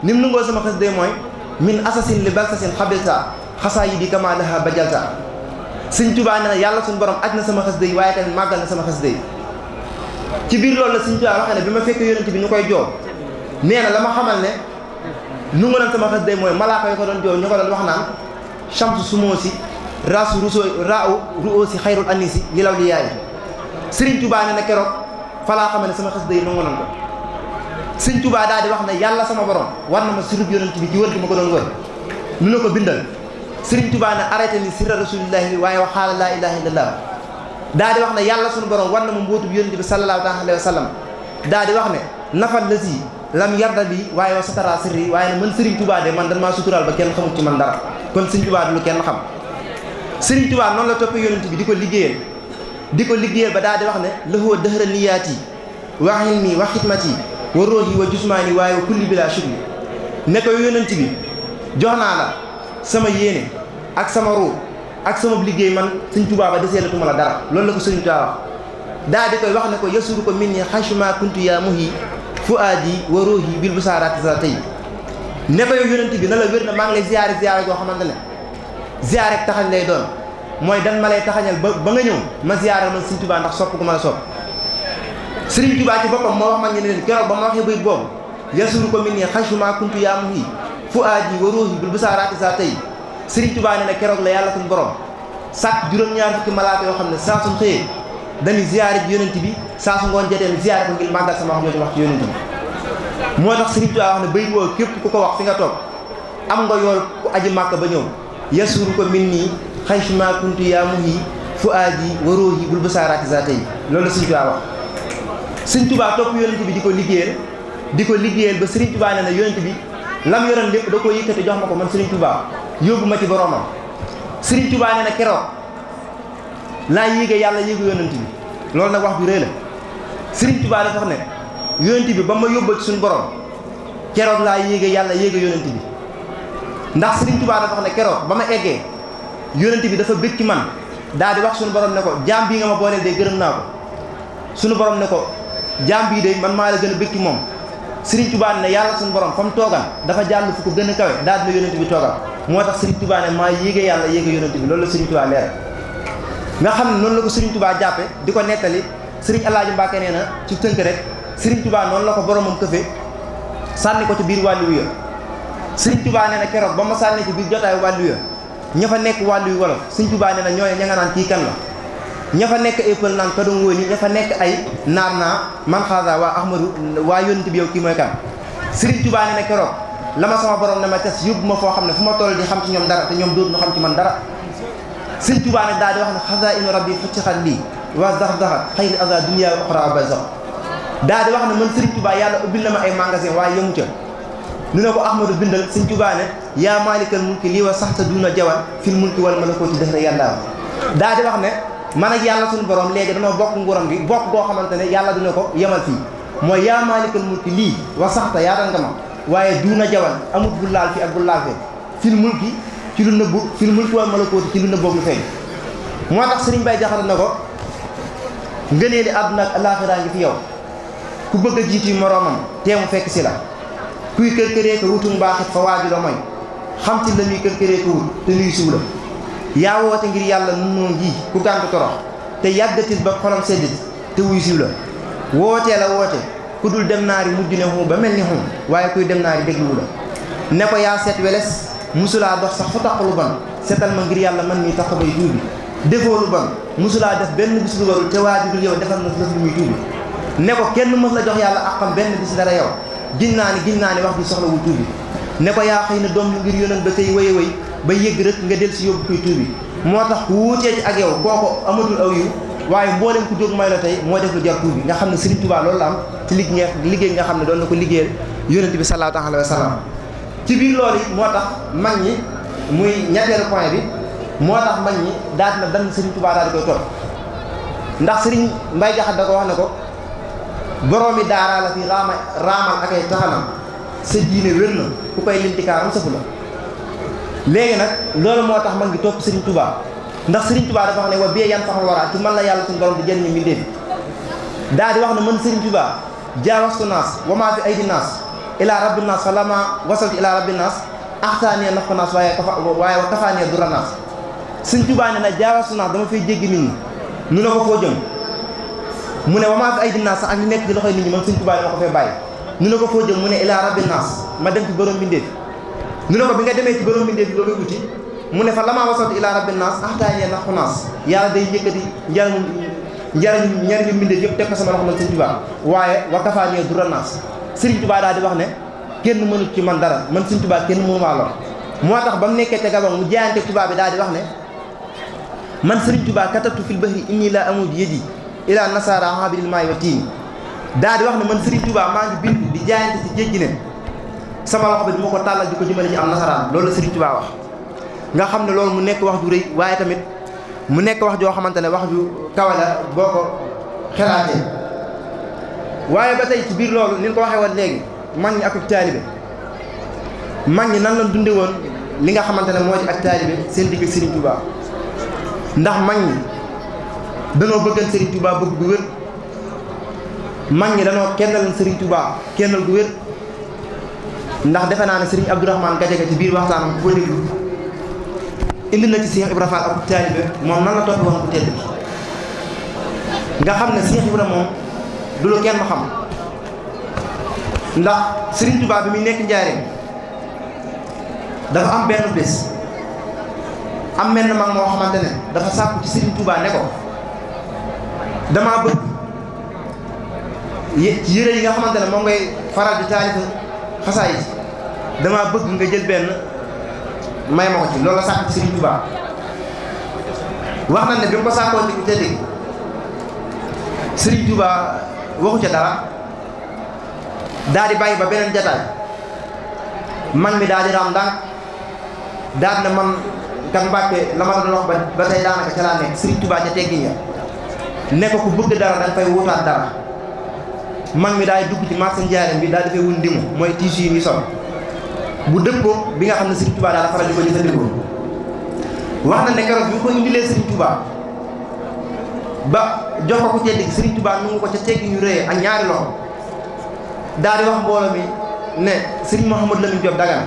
ni mu nangoo sama xasida yi mooy min asasin li balsasin xabilta xasaa yi di kama laha bajalta Sëriñ Tuubaa nee yàlla suñu borom aj na sama xas yi waaye tamit màggal na sama xas yi ci biir lool la Sëriñ Tuubaa waxee ne bi ma fekke yonent bi ñu koy joow nee na la ma xamal ne nu na doon sama xasida mooy malaaka yi ko doon joow ñu ko doon wax naan chamsu sumoo raasu ruso raaw ruusi xayrul anisi li law li yaay sëriñ tubaa ne na keroog falaa xam ne sama xas day nangu nan ko sëriñ tubaa di wax ne yàlla sama borom war na ma surub yonent bi ci wër gi ma ko doon wër lu na ko bindal sëriñ tubaa ne arrêté ni sirra rasulillahi bi waaye waxaala laa ilaha illallah daal di wax ne yàlla sunu borom war na ma mbóotub yonent bi sallallahu taala alayhi wa sallam wax ne nafal la si lam yarda bi waaye wa satara sirri waaye ne man sëriñ tubaa de man dan maa suturaal ba kenn xamul ci man dara kon sëriñ tubaa du xam Sëriñ Tuubaa noonu la toppee yonent bi di ko liggéeyal di ko liggéeyal ba daal di wax ne lahoo dëhëra niyaati wa xilmi wax xidmati wa ruuhi wa jusmaani waaye wa kulli bila shukri ne ko yonent bi jox naa la sama yéene ak sama ruux ak sama liggéey man Sëriñ Tuubaa ba desee la tuma la dara loolu la ko Sëriñ Tuubaa wax daa di koy wax ne ko yasuru ko min ni xasuma kuntu yaa muhi fuaadi wa ruuhi bil busaaraati sa tey ne ko yow bi na la maa ngi lay ziyaare ziyaare goo xamante ne ziar rek taxañ lay doon mooy dan ma lay taxañal ba ba nga ñëw ma ziaral man Sëriñ Tuubaa ndax sopp ku ma la sopp Sëriñ Tuubaa ci boppam moo wax man ñu ne leen keroog ba ma waxee bëy boobu yasuru ko min nii xansuma kuntu yaamu yi fu aaji wa ruuhi bil busaaraati saa tey Sëriñ Tuubaa ne na keroog la yàlla suñu borom sàkk juróom-ñaar fukki malaaka yoo xam ne saa suñ xëyee dañuy ziare ji yonent bi saa ngoon jotee ziare ko ngir màggal sama xam ne wax ci yonent moo tax Sëriñ Tuubaa wax ne bëy boobu képp ku ko wax fi nga toog am nga yool aji màkk ba ñëw yasuru ko min nii xaysu maa kuntu yaa muhi fu aaji wa ruuhi bul basaaraati zaata yi loolu la Sëñ Tuubaa wax topp yonent bi di ko liggéeyal di ko liggéeyal ba Sëriñ Tuubaa nee na bi lam lépp da koo yëkkati jox ma ko man Sëriñ Tuubaa yóbbu ma ci boromam Sëriñ Tuubaa nee na keroog laa yéege yàlla yéegu yonent bi loolu nag wax bi rëy la Sëriñ Tuubaa dafa wax ne yonent bi ba ma yóbboo ci suñu borom keroog laa yéege yàlla yéege yonent bi ndax Serigne Touba dafa wax ne keroog ba ma eggee yonent bi dafa bëgg man daal di wax suñu borom ne ko jaam bii nga ma booleel de gërëm naa ko suñu borom ne ko jaam bii de man maa la gën a bëgg ci moom Serigne Touba ne yàlla suñu borom fa mu dafa jàll fu ko gën a kawe daal di la bi toogal moo tax Serigne Touba ne maa yéege yàlla yéege yonent bi loolu la Serigne Touba leer nga xam ne noonu la ko Serigne tubaa jàppe di ko nettali Serigne Alaaji Mbàkke nee na ci tënk rek Serigne Touba noonu la ko boromam këfe sànni ko ci biir sëñ Tuubaa nee na keroog ba ma sànni ci biir jotaay wàllu ya ña fa nekk wàllu yu wolof sëñ Tuubaa nee na ñooy ña nga naan kii kan la ña fa nekk ay pël naan kadum wóol yi ña fa nekk ay naar naa man xaasa waa ahmadu waa yónnent bi yow kii mooy kan Sëriñ Tuubaa nee na keroog la ma sama borom ne ma tes yóbbu ma foo xam ne fu ma toll di xam ci ñoom dara te ñoom dootu ñu xam ci man dara Sëriñ Tuubaa ne daal di wax ne xasaa inu rabbi futtixat lii waa zax-zaxat xëy na aza dunya wa oxra ba zax daal di wax ne man Sëriñ yàlla ubbil na ma ay magasin waaye yëmu ca nu ne ko ahmadu bindal sëñ Tuubaa ne yaa maalikal mulki lii wa saxta duna jawan fil mulki wal malakooti def rek yàlla daa wax ne man ak yàlla suñu borom léegi dama bokk nguuram gi bokk boo xamante ne yàlla dina ko yemal fii mooy yaa maalikal mulki lii wa saxta yaatal nga ma waaye duuna jawan amut bu laal fi ak bu laal fee fil mulki ci lu bu fil mulki wal malakooti ci lu nëbboog lu feeñ moo tax sëriñ Bay jaxal na ko ngëneeli àdduna ak alaaxiraa yow ku bëgg a jiitu moroomam fekk si la kuy kër këree ko wutum mbaaxit fa waaju la mooy xam ci la muy kër këree ko te nuy siw la yaa woote ngir yàlla nun noon ji ku gàntu torox te yàggatil ba xolam seddit te wuy siw la wootee la woote ku dul dem naari mujj ne xum ba mel ni xum waaye kuy dem naari dégluwu la ne ko yaa seet weles musulaa dox sax fu taq lu bon seetal ma ngir yàlla man mii taq bay tuubi defoo lu bon musulaa def benn bis lu warul te waaju dul yow defal na kenn mës la jox yàlla àqam benn bis dara yow gin naa ni gin naa ni wax ji soxlawul tuubi ne ko yaa xëy na doom ngir yonen ba tey wéy ba yëgg rek nga del si yóbbu koy tuubi moo tax ku wuutee ci ak yow ko amatul aw yu waaye mboolem ku jóg may la tey moo def lu jar tuubi nga xam ne Sëriñ Tuubaa loolu la am ci liggéey liggéey nga xam ne doon na ko liggéeyal yonent bi sallallaahu alayhi wa sallam ci biir loolu moo tax mag ñi muy ñetteelu point bi moo tax mag ñi daal na dan Sëriñ Tuubaa daal di koy topp da ko wax ne ko boroomi daaraa la fi raama raamal taxanam sa diine na ku koy limtikaaram sëfu la léegi nag loolu moo tax man ngi topp Serigne Touba ndax Serigne Touba dafa wax ne wa bee yan faxal waraa ci man la yàlla suñu borom di jëriñu mi ndéef daal di wax ne man Serigne Touba jaawastu naas wamaa fi aydi naas ilaa rabbi naas fa lama wasaltu ilaa rabbi naas axtaanee naf ko naas waaye kafa waaye wa kafaanee dura naas na jaawastu naas dama fay jéggi nit ñi nu ne ko mu ne wa maa fi aydi naas a li nekk ci loxoy nit ñi man Sëñ Tuubaa ma ko fee bàyyi ñu ne ko foo jëm mu ne ilaa rabbi naas ma dem ci borom bindéef ñu ne ko bi nga demee ci borom bindéef loolu wuti mu ne fa la maa wasatu ilaa rabbi naas axtaayee naxu naas yàlla day yëkkati njariñu njariñu njariñu mbindéef yëpp teg ko sama loxo man Sëñ wa kafaa nee dura naas Sëriñ Tuubaa daal di wax ne kenn mënut ci man dara man Sëñ Tuubaa kenn mënu maa lor moo tax ba mu nekkee ca Gabon mu jaayante tubaab bi daal di wax ne man Sëriñ Tuubaa katatu fil bahri inni la amuji yëji ilaa nasaara abidil maay wa tiin daa di wax ne man Serigne Touba maa ngi bind di jaayante ci géej gi sama loxo bi du ma ko tàllal di ko jëmale ci am nasaraan loolu la Serigne Touba wax nga xam ne loolu mu nekk wax ju rëy waaye tamit mu nekk wax joo xamante ne wax ju kawe la boo ko xelaatee waaye ba tey ci biir loolu ni ko waxee woon léegi mag ñi akub taalibe mag nan la dunde woon li nga xamante ne moo ci ak taalibe seen digg Serigne Touba ndax mag ñi danoo bëggal Serigne Touba bëgg gu wér mag ñi danoo kennal Serigne Touba kenn gu wér ndax defe naa ne Serigne Abdourahmane Gadiaga ci biir waxtaanam bu ko déglu indi na ci Cheikh Ibra Fall ak taalibe moom nan la topp woon bu tedd bi nga xam ne Cheikh Ibra moom du lu kenn xam ndax sëriñ Touba bi muy nekk njaareem dafa am benn bés am benn na mag moo xamante ne dafa sàkku ci Serigne Touba ne ko. damaa bëgg yére yi nga xamante ne moom ngay faral di taalif xasaay damaa bëgg nga jël benn may ma ci loolu la sàkk ci Sëriñ Tuubaa wax na ne bi mu ko sàkkoo ci ku tedd gi Sëriñ waxu ca dara daal di bàyyi ba beneen jataay man mi daal di raam ndànk daal na man kan la ma doon wax ba ba tey daanaka ca laa nekk Sëriñ Tuubaa ne ko ku bëgg dara da nga fay wutaat dara mag mi daay dugg ci marché njaareem bi daal dafay wun ndimu mooy tissu yi ñu sol bu dëppoo bi nga xam ne Serigne Touba daal faral di ko jëfandikoo wax na ne keroog bi mu ko indilee Serigne Touba ba jox ko ko tedd gi Serigne ngi ko ca teggi ñu rëyee ak ñaari loxo daal di wax mbooloo mi ne Serigne Mouhamadou Lamine Diop Dagana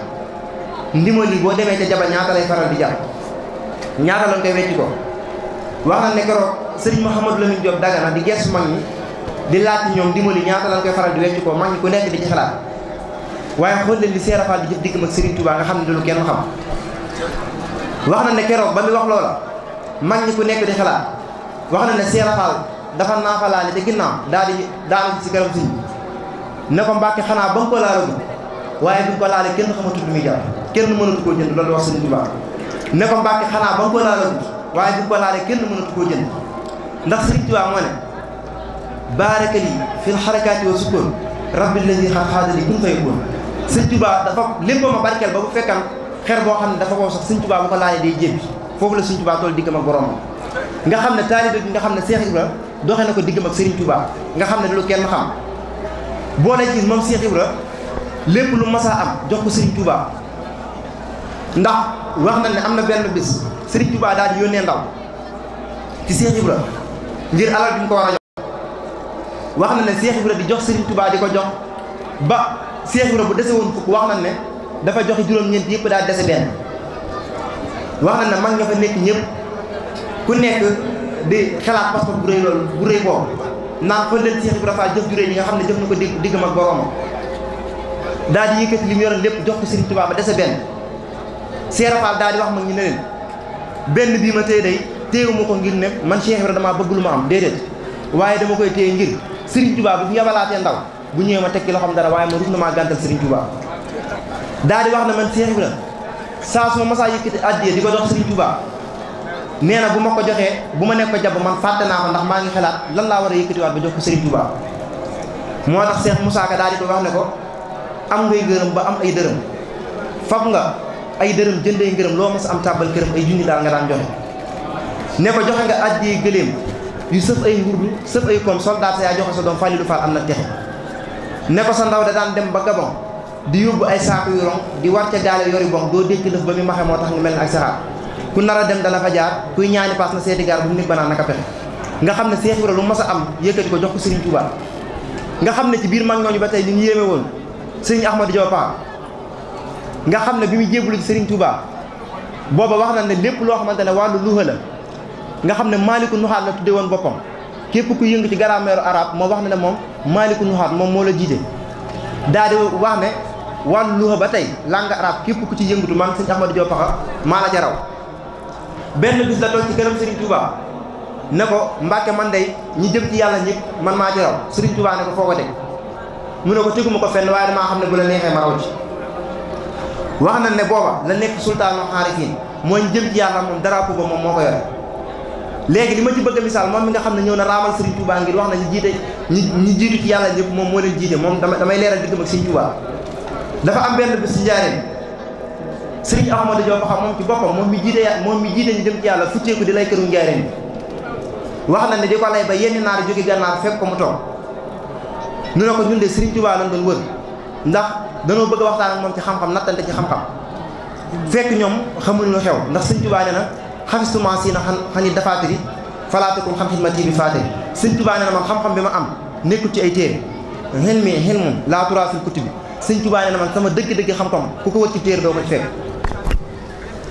ndimbal yi boo demee ca jabar ñaata lay faral di jar ñaata lañ wax na ne keroog sëriñ Mouhamadou Lamine Diop Dagana di gestu mag ñi di laaj ñoom li ñaata lan koy faral di wecc ko mag ñi ku nekk di ci xalaat waaye xool leen li Cheikh Rafal di jëf diggam ak Serigne Touba nga xam ne du lu kenn xam wax na ne keroog ba muy wax loola mag ñi ku nekk di xalaat wax na ne Cheikh Rafal dafa naafalaale te ginnaaw daal di daal ci garab siñ ne ko mbàkke xanaa ba mu ko laalagu waaye bu ñu kenn xamatul lu muy jàpp kenn mënatu waaye bu ko laalee kenn mënatu koo jënd ndax Sëriñ Tuubaa moo ne baaraka lii fil xarakaati wa sukkoon rabbi lazi xaada li kun fa yakun Sëriñ Tuubaa dafa lépp ma barkeel ba bu fekkan xer boo xam ne dafa ko sax Sëriñ Tuubaa bu ko laalee day jébbi foofu la Sëriñ Tuubaa toll diggam ak boromam nga xam ne taalibe bi nga xam ne Seex Ibra doxee na ko diggam ak Sëriñ Tuubaa nga xam ne du lu kenn xam boole ci moom Seex Ibra lépp lu masaa am jox ko ndax wax na ne am na benn bis Serigne Touba daal di yónnee ndaw ci Cheikh Ibra ngir alal ko war a jox wax na ne Cheikh Ibra di jox Serigne Touba di ko jox ba Cheikh Ibra bu dese woon fukk wax na ne dafa joxe juróom-ñeent daal dese wax na ne mag nga fa nekk ñëpp ku nekk di xalaat passeport bu bu rëy boobu naan fa leen Cheikh Ibra yi nga xam ne jëf na ko digg digg mag boromam daal di yëkkati li mu yoroon lépp jox ko Serigne Touba ba dese benn. Cheikh Fall daal wax ma ñi ne benn bii ma téye day téyewuma ko ngir ne man Cheikh Ibrahima damaa bëgg ma am déedéet waaye dama koy téye ngir Serigne Touba bu fi yabalaatee ndaw bu ñëwee ma tekki loxoom dara waaye ma ruf na maa gàntal Serigne Touba daal di wax na man Cheikh Ibrahima saa su ma masaa yëkkati addiya di ko dox Serigne Touba nee bu ma ko joxee bu ma nekk ko jàpp man fàtte naa ko ndax maa ngi xalaat lan laa war a yëkkatiwaat bi jox ko Serigne Touba moo tax Cheikh Moussa daal di ko wax ne ko am ngay gërëm ba am ay dërëm fab ay dërëm jëndee ngërëm loo mas am tàbbal këram ay junni daal nga daan joxe ne ko joxe nga àddiyee gëléem yu sëf ay ngurdu sëf ay koom soldat sa yaa joxe sa doom fàlli faal am na texe ne ko sa ndaw da daan dem ba Gabon di yóbbu ay saaku yu rong di war ca gaale yori boŋ doo dékk lëf ba mu maxe moo tax nga mel ne ak saxaar ku nar a dem dana fa jaar kuy ñaani paas na seeti gaar bu mu nit banaan naka pexe nga xam ne Seex Ibra lu mas a am yëkkati ko jox ko Sëriñ nga xam ne ci biir mag ñooñu ba tey ñu yéeme woon Sëriñ Ahmadou Diop nga xam ne bi muy jébbalu ci Serigne Touba booba wax na ne lépp loo xamante ne wàllu luxa la nga xam ne maaliku nuxaat la tudde woon boppam képp ku yëngu ci grammaire arabe moo wax na ne moom maaliku nuxaat moom moo la jiite daa di wax ne wàllu luxa ba tey langue arabe képp ku ci yëngatu maa ngi sëñ Ahmadou Diop Paxa maa la jaraw benn bis la toog ci këram Serigne Touba ne ko Mbàkke man day ñi jëm yàlla ñëpp man maa jaraw Serigne Touba ne ko foo ko mu ne ko teguma ko fenn waaye damaa xam ne bu wax nañ ne booba la nekk sultaanul xaarifin mooy jëm ci yàlla moom drapeau ba moom moo ko yore léegi li ma ci bëgg a misaal moom mi nga xam ne ñëw na raamal Serigne Touba ngir wax na ñu jiite ñi ñi jiitu ci yàlla ñëpp moom moo leen jiite moom dama damay leeral diggam ak Serigne Touba dafa am benn bés ci njaareen Serigne Ahmadou Diop xam moom ci boppam moom mi jiite moom mi jiite ñu jëm ci yàlla futteeku di lay këru njaareen bi wax na ne di ko lay ba yenn naar jóge gànnaar fekk ko mu toog ñu ne ko ñun de Serigne Touba lañ doon wër ndax danoo bëgg a waxtaan ak moom ci xam-xam nattante ci xam-xam fekk ñoom xamuñ lu xew ndax sëñ Tuubaa nee na xafistuma si na xan it dafaatiri falaatakum xam xidmati bi faate sëñ Tuubaa nee na man xam-xam bi ma am nekkul ci ay téere xel mi xel moom laa turaa fil kutubi na man sama dëgg-dëgg xam-xam ku ko wër ci téere doo ko fekk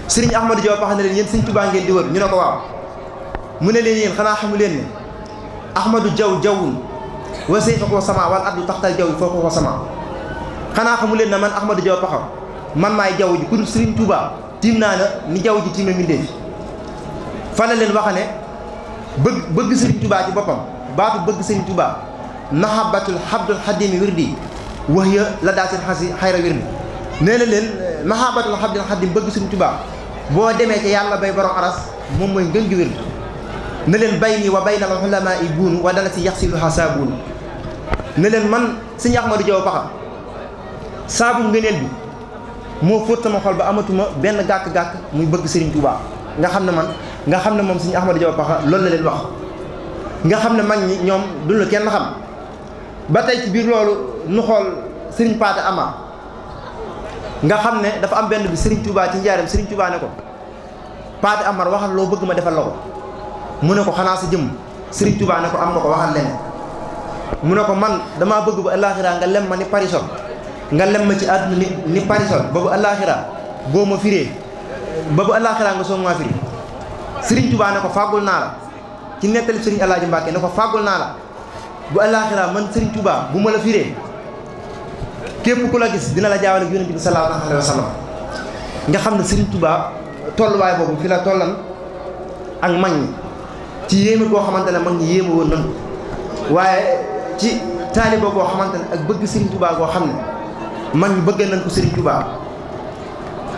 sëriñ Ahmadou Diop wax na leen yéen sëñ Tuubaa ngeen di wër ñu ne ko waaw mu ne leen yéen xanaa xamu leen ne Ahmadou Diaw jawwun wa sayfa ko sama wal addu taxtal jaww foo ko ko xanaa xamu leen na man Ahmadou Diaw Pakhaw man maay jaww ji ku dul Serigne Touba naa na ni jaww ji tiime mbindee fi fa leen waxa ne bëgg bëgg Serigne Touba ci boppam baatu bëgg Serigne Touba mahabbatul habdul xadimi wirdi wax ya la daa seen xasi xayra wirdi nee na leen mahabbatul bëgg Serigne Touba boo demee ci yàlla bay borom aras moom mooy ngën gi wirdi ne leen bay nii wa bay na ma ulama yi buunu wa dana si yax si luxa saa buunu ne leen man Serigne Ahmadou Diaw Pakhaw saabu ngëneel bi moo fóot sama xol ba amatuma benn gàkk-gàkk muy bëgg Serigne Touba nga xam ne man nga xam ne moom Serigne Ahmadou Diaw loolu la leen wax nga xam ne mag ñi ñoom duñ la kenn xam ba tey ci biir loolu nu xool Serigne Pathé Ama nga xam ne dafa am benn bi Serigne Touba ci njaaram Serigne Touba ne ko Pathé Amar waxal loo bëgg ma defal la ko mu ne ko xanaa si jëmm Serigne Touba ne ko am na ko waxal leneen mu ne ko man damaa bëgg ba àllaaxira nga lem nga lem ma ci àdduna ni ni parisol ba bu àllaaxira boo ma firee ba bu àllaaxira nga soog maa firi sëriñ Tuubaa ne ko fàggul naa la ci nettali sëriñ Alaaji Mbàkke ne ko fàggul naa la bu àllaaxira man sëriñ Tuubaa bu ma la firee képp ku la gis dina la jaawale ak yonent bi sallallaahu alayhi wa sallam nga xam ne sëriñ Tuubaa tolluwaay boobu fi la tollan ak mañ ci yéeme koo xamante ne mag ñi yéeme woon nañu waaye ci taaliba koo xamante ne ak bëgg sëriñ Tuubaa koo xam ne mag ñu bëggal nañ ko Serigne Touba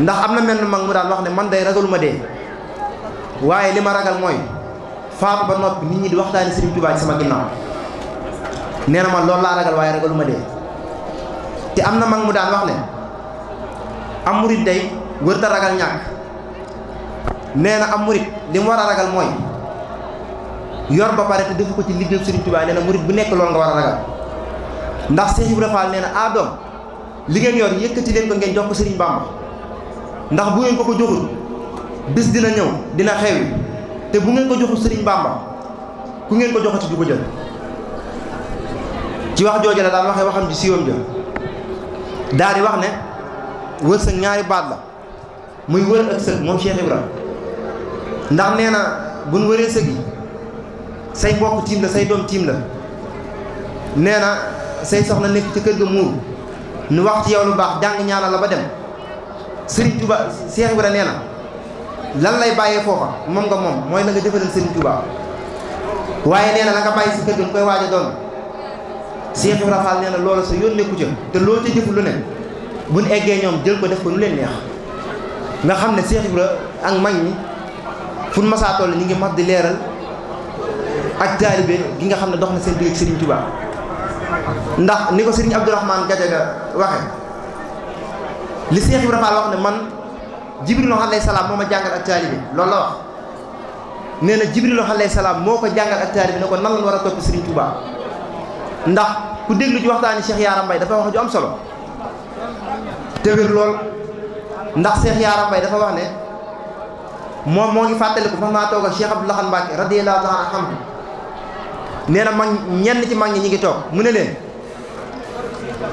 ndax am na mel mag mu daan wax ne man day ragaluma dee waaye li ma ragal mooy faatu ba noppi nit ñi di waxtaane Serigne Touba ci sama ginnaaw nee na ma loolu laa ragal waaye ragaluma dee te am na mag mu daan wax ne am murit day wërta ragal ñàkk nee na am murit li mu war a ragal mooy yor ba pare te defu ko ci liggéey Serigne Touba nee na murit bu nekk loolu nga war a ragal ndax Cheikh Ibrahima Fall nee na ah li ngeen yor yëkkati leen ko ngeen jox ko Sëriñ Bàmba ndax bu ngeen ko ko joxul bis dina ñëw dina xewi te bu ngeen ko joxul Sëriñ Bàmba ku ngeen ko joxati du ko jël ci wax jooju la daal waxee waxam ji siiwam ja daal di wax ne wërsëg ñaari baat la muy wër ak sëg moom Cheikh Ibra ndax nee na bu nu wëree sëg yi say mbokk tiim la say doom tiim la nee na say soxna nekk ci kër ga muur nu wax ci yow lu baax jàng ñaanal la ba dem Serigne Touba Cheikh Ibrahima nee na lan lay bàyyee foofa moom nga moom mooy la nga jëfandal Serigne Touba waaye nee na la nga bàyyi si kër gi koy waaj a doon Cheikh Ibrahima Fall nee na loolu sa yónnee ku ca te loolu ca jëfu lu ne buñ eggee ñoom jël ko def ko nu leen neex nga xam ne Cheikh ak mag ñi fu masaa la ñu ngi mat di leeral ak taalibe gi nga xam ne dox na seen digg ak Serigne ndax ni ko sëriñ Abdourahmane Gadiaga waxe li Seex Ibra Faal wax ne man Jibrilu alayhi salaam moo ma jàngal ak taalibe loolu la wax nee na Jibrilu alayhi salaam moo ko jàngal ak taalibe ne ko nan la war a topp Sëriñ Tuubaa ndax ku déglu ci waxtaani Cheikh Yaaram Mbay dafa wax ju am solo te lool ndax Cheikh Yaaram Mbay dafa wax ne moom moo ngi fàttaliku man maa toog ak Cheikh Abdou Lahad Mbacké radiyallahu ta'ala nee na mag ñenn ci mag ñi ñu ngi toog mu ne leen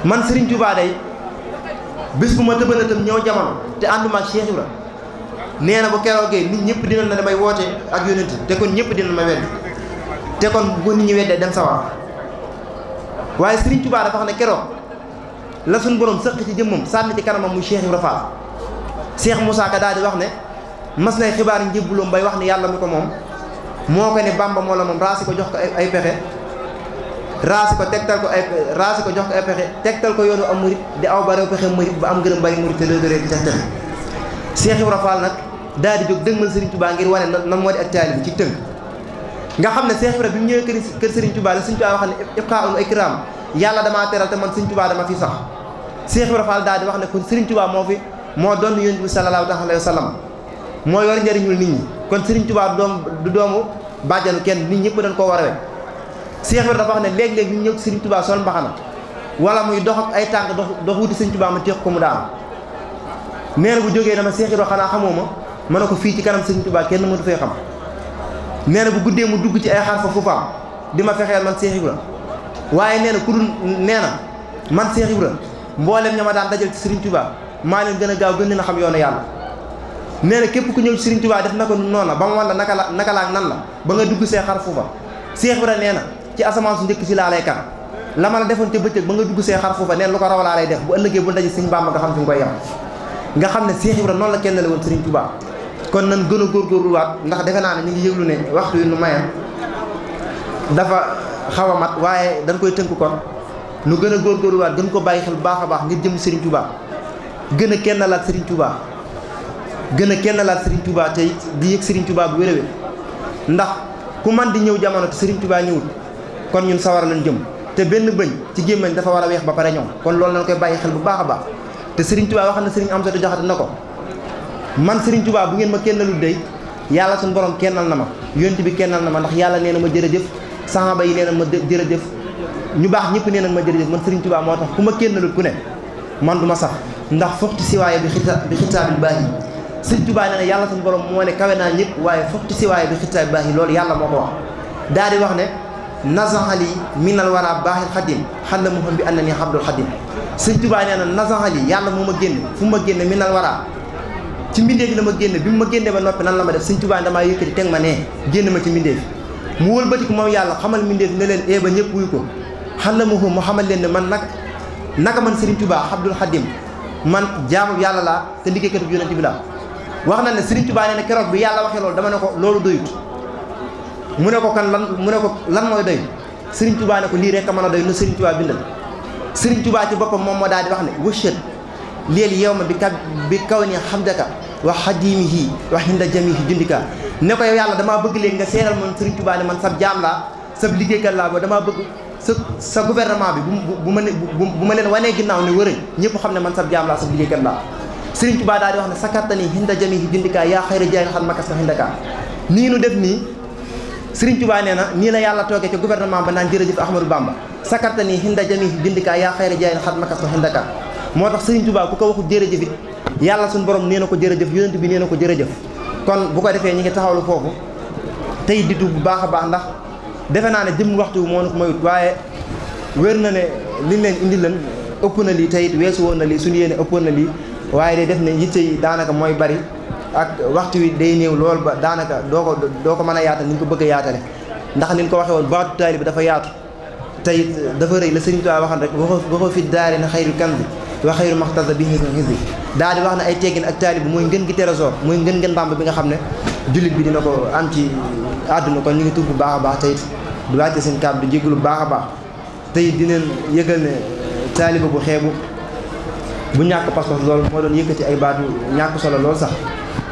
man Serigne Touba day bis bu ma tëbanatam ñëw jamono te ànduma ak Cheikh nee na bu keroogee nit ñëpp dina na damay woote ak yonent te kon ñëpp dina may wedd te kon bu nit ñi weddee dem sawar waaye Serigne Touba dafa xam ne keroog la suñ borom sëq ci jëmmam sànni ci kanamam muy Cheikh Ibra Fall Cheikh Moussa Ka daal di wax ne mas nay xibaar njëbbuloom bay wax ne yàlla mi ko moom moo ko ne bàmba moo la moom raasi ko jox ko ay pexe raasi ko tegtal ko ay raasi ko jox ko ay pexe tegtal ko yoonu am murit di aw bare pexe murit ba am gërëm bari murit te doo doree di tax texe Seex Ibra Faal nag daal di jóg dëgmal Serigne Touba ngir wane nan moo di ak taalibe ci tënk nga xam ne Seex bi mu ñëwee kër Serigne Touba la Serigne Touba wax ne ibqaa'un wa ikraam yàlla damaa teral te man Serigne Touba dama fi sax Seex Ibra Faal daal di wax ne kon Serigne Touba moo fi moo doon Yonent bi sallallahu alayhi wa sallam moo yor njëriñul nit ñi kon Serigne Touba doom du doomu bàjjanu kenn nit ñëpp dañ koo war a wekk dafa wax ne léeg-léeg ñu ñëw Serigne Touba sol mbaxana wala muy dox ay tànk dox dox wuti Serigne Touba ma teex ko mu daanu nee bu jógee dama Cheikh Ibra xanaa xamoo ma ma ne ko fii ci kanam Serigne tubaa kenn mënu fee xam nee na bu guddee mu dugg ci ay xar fa fuufaam di ma fexeel man Cheikh Ibra waaye nee na ku dul nee na man Cheikh Ibra mboolem ña ma daan dajal ci Serigne Touba maa leen gën a gaaw gën leen a xam yoonu yàlla nee na képp ku ñëw Serigne Touba def na ko noona ba mu wan la naka la naka la ak nan la ba nga dugg see xar fuufa Seex Ibra nee na ci asamaan su njëkk si laa lay kar la ma la defoon ca bëccëg ba nga dugg see xar fuufa nee lu ko raw laa lay def bu ëllëgee bu daje Serigne Bamba nga nga koy yem nga xam ne Seex Ibra noonu la kenn la woon Serigne Touba kon nan gën a góorgóorluwaat ndax defe naa ne ñu ngi yëglu ne waxtu yu nu maye dafa xaw a mat waaye dañ koy tënk kon nu gën a góorgóorluwaat gën ko bàyyi xel bu baax a baax ngir jëm Serigne Touba gën a kenn laat Serigne Touba gën a kenn laal Serigne Touba tey di yëg Serigne Touba bu wér ndax ku man di ñëw jamono te Serigne Touba ñëwul kon ñun sawar lañ jëm te benn bëñ ci gémmañ dafa war a weex ba pare ñoom kon loolu lañ koy bàyyi xel bu baax a baax te Serigne Touba wax na Serigne Amsatou Diakhaté na ko man Serigne Touba bu ngeen ma kenn kennalul dey yàlla suñu borom kennal na ma yont bi kennal na ma ndax yàlla nee na ma jërëjëf sahaba yi nee na ma jërëjëf ñu baax ñëpp nee na ma jërëjëf man Serigne Touba moo tax ku ma kennalul ku ne man du ma sax ndax foxti siwaaya bi xita bi xitaabil baax yi sëñ Tuubaa nee na yàlla suñu borom moo ne kawe naa ñëpp waaye foxti si waaye bi xittaa bi baax yi loolu yàlla moo ko wax daal di wax ne nasaxali minal wara baaxil xadim xan la muham bi an na ni xabdul xadim sëñ Tuubaa nee na nasaxali yàlla moo ma génn fu ma génn minal wara ci mbindeef yi la ma génn bi mu ma génnee ba noppi nan la ma def sëñ Tuubaa damaa yëkkati teg ma nee génn ma ci mbindeef mu wëlbatiku moom yàlla xamal mbindeef ne leen ee eh ba ñëpp wuy ko xan la muham mu xamal leen ne man nag naka man Sëriñ Tuubaa xabdul xadim man jaamu yàlla laa te liggéeykatu yonent bi laa wax na ne Serigne Touba nee na keroog bi yàlla waxee loolu dama ne ko loolu doyut mu ne ko kan lan mu ne ko lan mooy doy Serigne Touba ne ko lii rek a mën a doy nu Serigne Touba bindal Serigne Touba ci boppam moom moo daal di wax ne wëchet léegi yow ma bi kaw ka bi kaw ni xamdaka wa xadimihi wa hinda jamihi jundika ne ko yow yàlla damaa bëgg léegi nga seeral man Serigne Touba man sab jaam laa sab liggéeykat laa boo damaa bëgg sa sa gouvernement bi bu bu bu ma bu ma leen wanee ginnaaw ne wërëñ ñëpp xam ne man sab jaam laa sab laa Sëriñ tubaa daal di wax ne sakartani hinda jamihi jundika yaa xayra jaay xal makas na hindaka nii nu def nii Sëriñ Tuubaa nee na nii la yàlla toogee ca gouvernement ba naan jërëjëf Ahmadou Bamba sakartani hinda jamihi jundika yaa xayra jaay xal makas na hindaka moo tax Sëriñ Tuubaa ku ko waxu jërëjëf it yàlla suñu borom nee na ko jërëjëf yonent bi nee na ko jërëjëf kon bu ko defee ñu ngi taxawlu foofu tey ditu bu baax a baax ndax defe naa ne jëm waxtu moo na ko mayut na ne liñ leen indi leen ëpp na lii teyit weesu woon na lii suñu yéene ëppoon na lii waaye de def ne yitte yi daanaka mooy bari ak waxtu wi day néew lool ba daanaka doo ko doo ko mën a yaatal ni ñu ko bëgg a yaatale ndax ni ko waxee woon baatu taalibe dafa yaatu te it dafa rëy la Sëriñ Tuubaa a rek boo ko fi daari na xayru kan bi wa xayru maxtasa bi xis xis bi daal wax ne ay teggin ak taalibe mooy ngën gi trésor mooy ngën ngën ndàmb bi nga xam ne jullit bi dina ko am ci àdduna ko ñu ngi tuub bu baax a baax te it du wàcce seen kàddu di jégalu bu baax a baax te it dineen yëgal ne taalibe bu xeebu bu ñàkk pas-pas loolu moo doon yëkkati ay baatu ñàkk solo loolu sax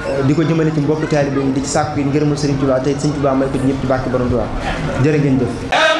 eh, di ko jëmale ci mbokk taalibe yi di ci sàkku yi ngërëmul Sëriñ Tuubaa tey Sëriñ Tuubaa may ko ñëpp ci barke borom Tuubaa ngeen jëf